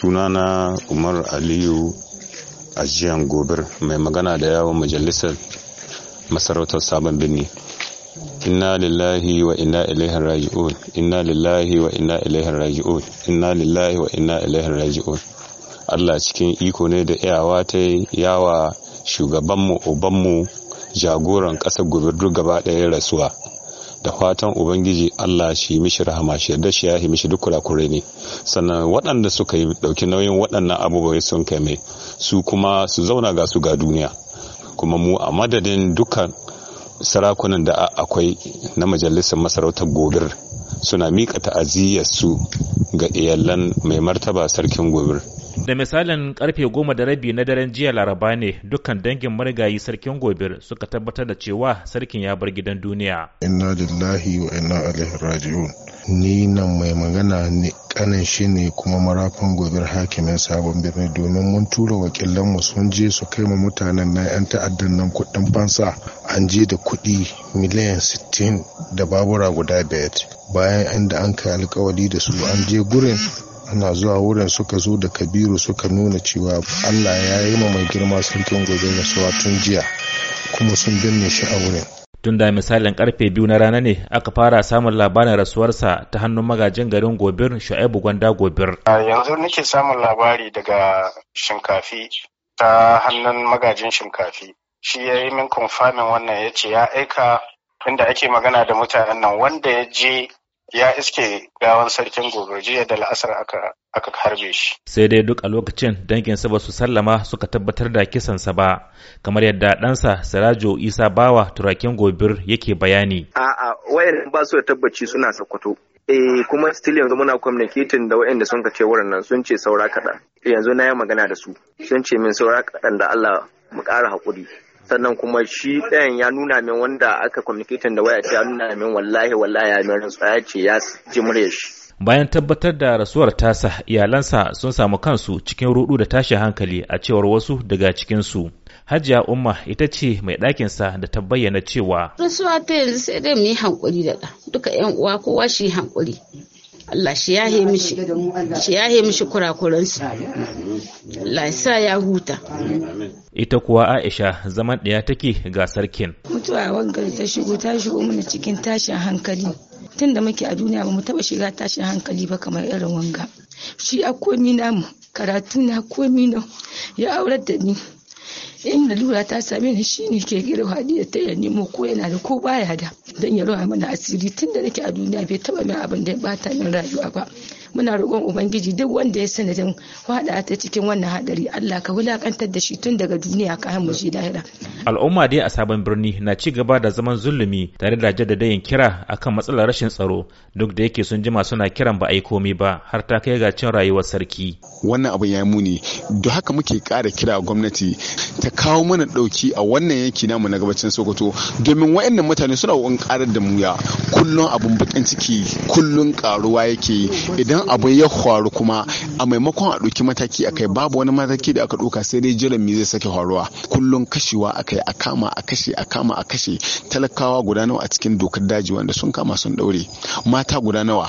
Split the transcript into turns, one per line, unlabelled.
sunana umar aliyu ajiyan gobir mai magana da yawon majalisar masarautar sabon birni inna lillahi wa inna ilaihi raji'un inna lillahi wa inna ilaihi raji'un inna lillahi wa inna ilaihi raji'un Allah cikin iko ne da iyawa ta yawa shugabanmu ubanmu jagoran ƙasar gobir duk gaba ɗaya rasuwa da fatan ubangiji Allah shi mishi rahama shi yarda shi ya yi mishi duk kurakure ne sannan waɗanda suka yi ɗauki nauyin waɗannan abubuwa sun kai mai su kuma su zauna ga su ga duniya kuma mu a madadin dukkan sarakunan da akwai na majalisar masarautar gobir suna miƙa ta'aziyyar su ga iyalan mai martaba sarkin gobir
Da misalin karfe goma da rabi na daren jiya laraba ne dukkan dangin marigayi sarkin gobir suka tabbatar da cewa sarkin ya bar gidan duniya.
Inna lillahi wa inna ilaihi raji'un. Ni nan mai magana ne kanin shi ne kuma marafin gobir hakimin sabon birni domin mun tura wakilanmu sun je su kai mu mutanen na 'yan ta'addan
nan kuɗin fansa an je da kuɗi miliyan 60 da babura guda biyar bayan inda an kai alkawari da su an je gurin ana zuwa wurin suka
zo da kabiru suka nuna cewa allah ya yi ma mai girma sarkin gobe suwa" tun jiya kuma sun binne shi a wurin
tun da misalin karfe biyu na rana ne aka fara samun labarin rasuwarsa ta hannun magajin garin gobir shu'aibu gwanda gobir
yanzu nake samun labari daga shinkafi ta hannun magajin shinkafi shi ya yi min konfamin wannan ya ce ya aika inda ake magana da mutanen nan wanda ya je ya iske gawan sarkin gobe jiya da la'asar aka harbe shi
sai dai duk a lokacin danginsa ba su sallama suka tabbatar da kisansa ba kamar yadda ɗansa sirajo isa bawa turakin gobir yake bayani a'a wayan ba su da tabbaci suna sakwato eh kuma still yanzu muna communicating da wayanda sun ka ce wurin nan sun ce saura kaɗan yanzu na yi magana da su sun ce min saura kaɗan da allah mu ƙara haƙuri sannan kuma shi ɗayan ya nuna min wanda aka communicating da waya ce ya nuna min wallahi wallahi ya min ya ce ya ji shi bayan tabbatar da rasuwar tasa iyalansa sun samu kansu cikin rudu da tashi hankali a cewar wasu daga cikinsu hajiya umma ita ce mai ɗakinsa da ta bayyana cewa
rasuwa ta yanzu sai dai mu yi hankuri da ɗa duka yan uwa kowa shi hankuri Allah shi yahe mishi shi yahe mishi kurakuransu Allah ya sa ya huta
ita kuwa Aisha zaman ɗaya take ga sarkin
mutuwa wanga ta shigo ta shigo mana cikin tashin hankali Tunda da muke a duniya ba mu taba shiga tashin hankali ba kamar irin wanga shi a komi namu karatu na komi na ya aurar da ni in lura ta same ni shine ke gira hadiya ta ya nemo ko yana da ko baya da don ya rawa mana asiri tun da nake a duniya bai taba min abin da ya bata min rayuwa ba muna roƙon ubangiji duk wanda ya sanadin faɗa ta cikin wannan hadari Allah ka wulakantar da shi tun daga duniya kayan mu shi lahira
al'umma dai a sabon birni na ci gaba da zaman zulumi tare da jaddadayin kira akan matsalar rashin tsaro duk da yake sun jima suna kiran ba a yi komai ba har ta kai ga cin rayuwar sarki
wannan abin ya muni da haka muke kara kira gwamnati ta kawo mana ɗauki a wannan yanki namu na gabacin Sokoto domin waɗannan mutane suna ƙarar da muya kullum abun bakin ciki kullum karuwa yake idan abu ya faru kuma a maimakon a ɗauki mataki a kai babu wani mataki da aka ɗauka sai dai jiran zai sake faruwa kullum kashewa a kai a kama a kashe a kama a kashe talakawa guda nawa a cikin dokar daji wanda sun kama sun ɗaure
mata guda nawa